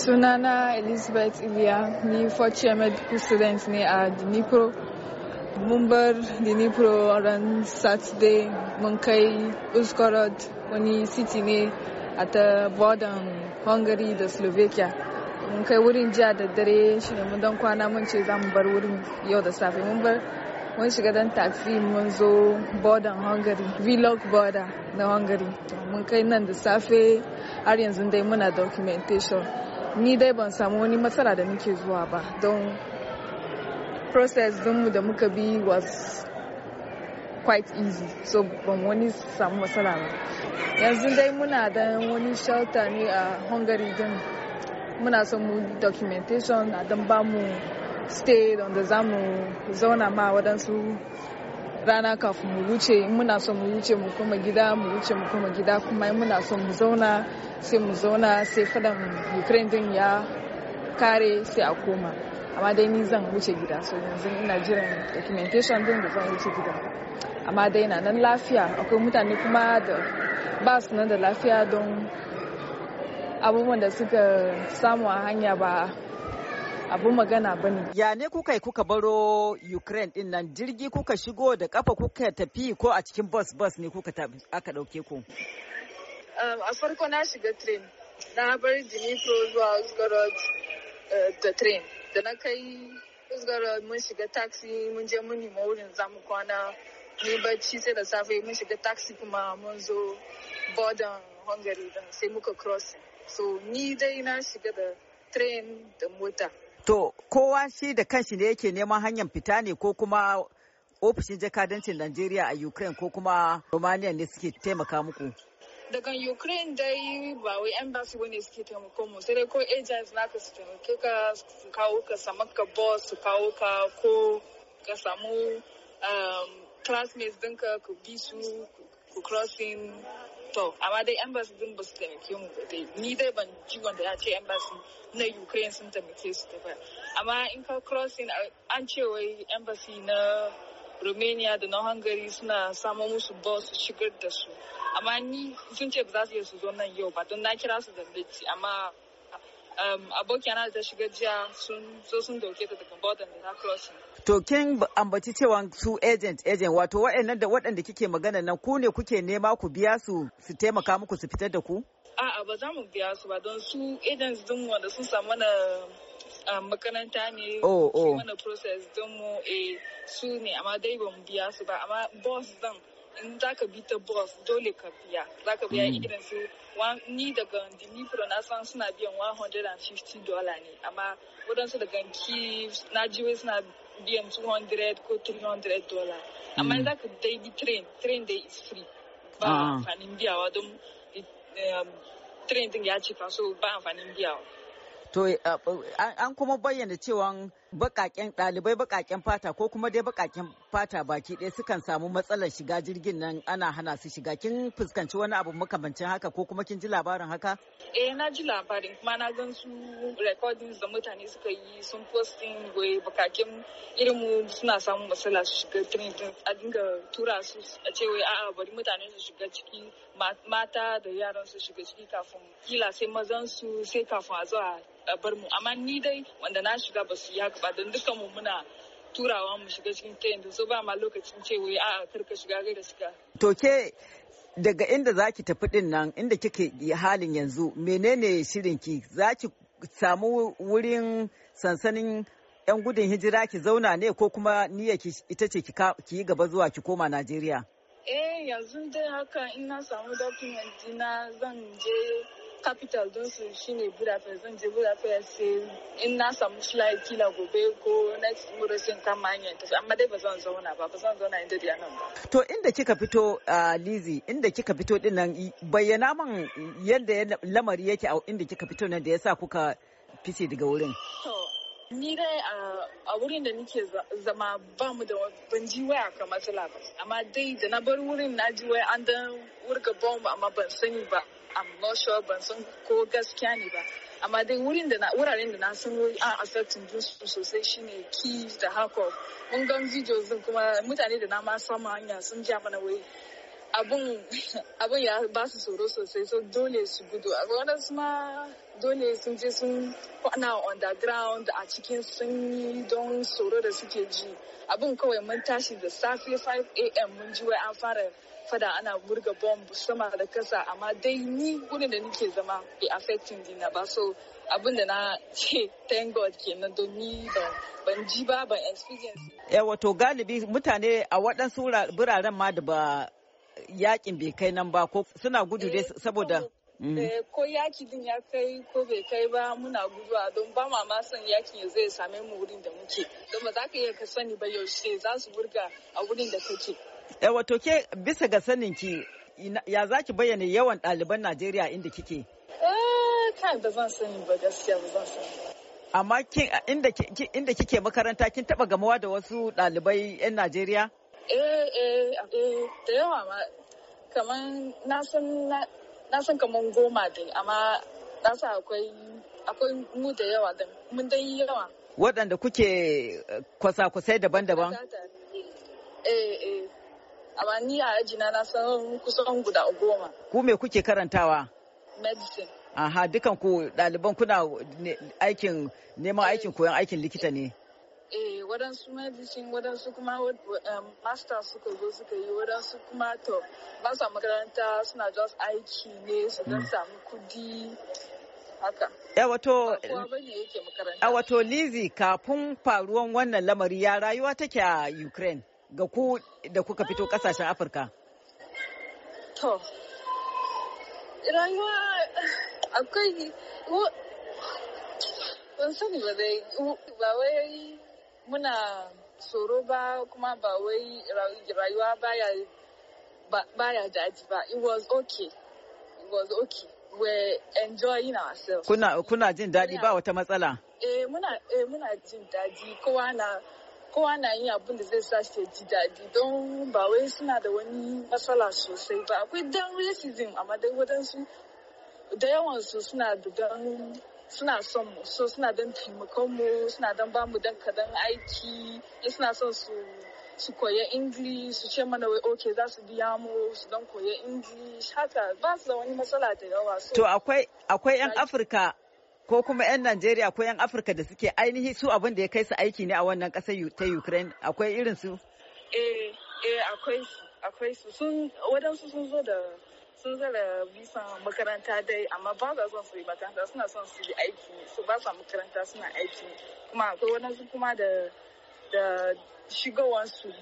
sunana elizabeth iliya ni fortune medical student ne a dnipro mun bar dnipro ran saturday mun kai uskorod wani city ne a ta bordan hungary da slovakia mun kai wurin jiya da dare shi ne mun kwana mun ce za mu bar wurin yau da safe mun bar mun shiga dan taxi mun zo border hungary vlog border na hungary mun kai nan da safe har yanzu dai muna documentation ni dai ban samu wani matsala da muke zuwa ba don process dinmu da muka bi was quite easy so ban wani samu matsala ba yanzu dai muna da wani shelter ne a hungary din muna son mu documentation a don ba mu stay da za mu zauna ma waɗansu rana kafin mu wuce in muna so mu wuce mu koma gida mu wuce mu koma gida kuma in muna so mu zauna sai mu zauna sai fadan ukraine din ya kare sai a koma amma dai ni zan wuce gida so yanzu ina jiran documentation din da zan wuce gida amma dai na nan lafiya akwai mutane kuma da ba su nan da lafiya don abubuwan da suka samu a hanya ba abu magana ba ne. Ya ne kuka yi kuka baro Ukraine din nan jirgi kuka shigo da kafa kuka tafi ko a cikin bus bus ne kuka aka ɗauke ku? Um, a farko na shiga train na bar Dimitro zuwa Uzgorod eh, da train da na kai Uzgorod mun shiga taxi mun je mun nima wurin zamu kwana ni bacci sai da safe mun shiga taxi kuma mun zo border Hungary sai muka crossing. So ni dai na shiga da train da mota. To kowa shi da kanshi ne yake neman hanyar fita ne ko kuma ofishin jakadancin Najeriya a Ukraine ko kuma Romania ne suke taimaka muku? Daga Ukraine dai ba wai embassy wani suke taimako mu sai dai ko agents naka su taimake ka su kawo ka samu ka boss su kawo ka ko ka samu um, classmates dinka ku bi su ku crossing to amma dai embassy din ba su taimake mu ba dai ni dai ban ji wanda ya ce embassy na ukraine sun taimake su ta ba amma in ka crossing an ce wai embassy na romania da na hungary suna samo musu bus su shigar da su amma ni sun ce ba za su iya su zo nan yau ba don na kira su da amma abokiyana da ta shiga jiya sun zo sun dauke ta daga border da crossing. To kin ambaci cewa su agent agent wato waɗannan da waɗanda kike magana nan ku ne kuke nema ku biya su su taimaka muku su fitar da ku? A'a ba za mu biya su ba don su agents din wanda sun samu na makaranta ne oh, su oh. mana process din mu eh, su ne amma dai ba mu biya su ba amma boss din in za ka bi ta bus dole ka biya za ka biya hmm. irin su ni daga dimitro na san suna biyan 150 dollar ne amma waɗansu daga kiev na jiwe suna biyan 200 ko 300 dollar amma hmm. za ka dai bi train train dai is free ba ah. amfanin biyawa don um, train din ya cika so ba amfanin biyawa to eh, eh, an kuma bayyana cewa bakaken ɗalibai bakaken fata ko kuma dai bakaken fata baki ɗaya sukan samu matsalar shiga jirgin nan ana hana su shiga kin fuskanci wani abu makamancin haka ko kuma kin ji labarin haka eh na ji labarin kuma na gan su recordings da mutane suka yi sun posting goyi bakaken irin mu suna samun matsala su shiga train din a dinga tura su a ce wai a'a bari mutane su shiga ciki mata da yaran su shiga ciki kafin kila sai mazan su sai kafin a a bar mu amma ni dai wanda na shiga ba su yi haka ba don dukan mu muna turawa mu shiga cikin ta yanzu so ba ma lokacin ce wai a'a kar ka shiga da shiga. To ke daga inda zaki tafi din nan inda kike halin yanzu menene shirin ki zaki samu wurin sansanin 'yan gudun hijira ki zauna ne ko kuma niyya ita ce ki yi gaba zuwa ki koma Najeriya? Eh yanzu dai haka ina samu document na zan je capital don su shine budapest zan je budapest sai in na samu fly kila gobe ko next tomorrow sai kama manyan tafi amma dai ba zan zauna ba ba zan zauna inda da nan ba to inda kika fito lizi inda kika fito din nan bayyana man yadda lamari yake a inda kika fito nan da yasa kuka fice daga wurin ni dai a wurin da nike zama ba mu da ban ji waya kamar matsala ba amma dai da na bar wurin na ji waya an dan wurga bomb amma ban sani ba I'm not sure ban san ko gaskiya ne ba amma dai wurin da na wuraren da na san an ah, affecting su sosai shine keys da hako mun gan videos din kuma mutane da na ma samu hanya sun ja mana wai abun abun ya ba su tsoro sosai so dole su gudu a su ma dole sun je sun kwana underground a cikin sunyi don tsoro da suke ji abun kawai mun tashi da safe 5 a.m. mun ji wai an fara fada ana murga bomb sama da kasa amma dai ni wurin da nake zama be affecting dina ba so abin da na ce thank god kenan don ni ban ji ba ban experience ya eh, wato galibi mutane a waɗansu biraren ma da ba yakin bai kai nan ba ko suna gudu dai eh, saboda mm. eh, ko yaki din ya kai ko bai kai ba muna guduwa don ba ma ma son yakin ya zai same mu wurin da muke don ba za ka iya ka sani ba yaushe za su burga a wurin da kake Eh, wato ke bisa ga sanin ki ya za ki bayyana yawan ɗaliban Najeriya inda kike? Eh, kan da zan sani ba gaskiya ba zan sani. Amma inda kike makaranta kin taba gamawa da wasu ɗalibai 'yan Najeriya? Eh eh da yawa ma kaman na san na san kaman goma dai amma na san akwai akwai mu da yawa da mun dai yawa. Waɗanda kuke eh, kwasa-kwasai daban-daban? Eh eh amma ni a ajina na san kusan guda goma. Ku me kuke karantawa? Medicine. Aha, dukan ku ɗaliban kuna aikin neman eh. aikin koyon aikin likita ne. Eh, waɗansu medicine, waɗansu kuma um, master suka zo suka yi, waɗansu kuma to ba sa makaranta suna just aiki ne su don mm. samu kudi haka. Eh, wato eh, Lizzy kafin faruwan wannan lamari ya rayuwa take a Ukraine. ga ku da kuka fito kasashen Afirka? To, rayuwa akwai ban sani ba dai ba wai muna tsoro ba kuma ba wai rayuwa baya baya daji ba it was okay it was okay we're enjoying ourselves kuna kuna jin daɗi ba wata matsala eh muna eh muna jin daɗi kowa na kowa na yin abin da zai sa shi ji daɗi don ba wai suna da wani matsala sosai ba akwai dan racism amma dai wadansu da yawansu suna da dan suna son mu so suna don taimakon mu suna don bamu dan kadan aiki suna son su su koya english su ce mana wai ok za su biya mu su don koya english haka ba su da wani matsala da yawa to akwai akwai yan afirka ko kuma 'yan Najeriya ko 'yan Afirka da suke ainihi su abin da ya kai su aiki ne a wannan ƙasar ta Ukraine akwai irin su? Eh, eh akwai su, akwai su. Sun wadansu sun zo da sun da bisan makaranta dai amma ba za su yi makaranta suna son su yi aiki su ba su makaranta suna aiki kuma akwai wadansu kuma da da shigowansu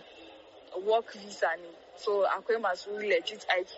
work visa ne so akwai masu legit aiki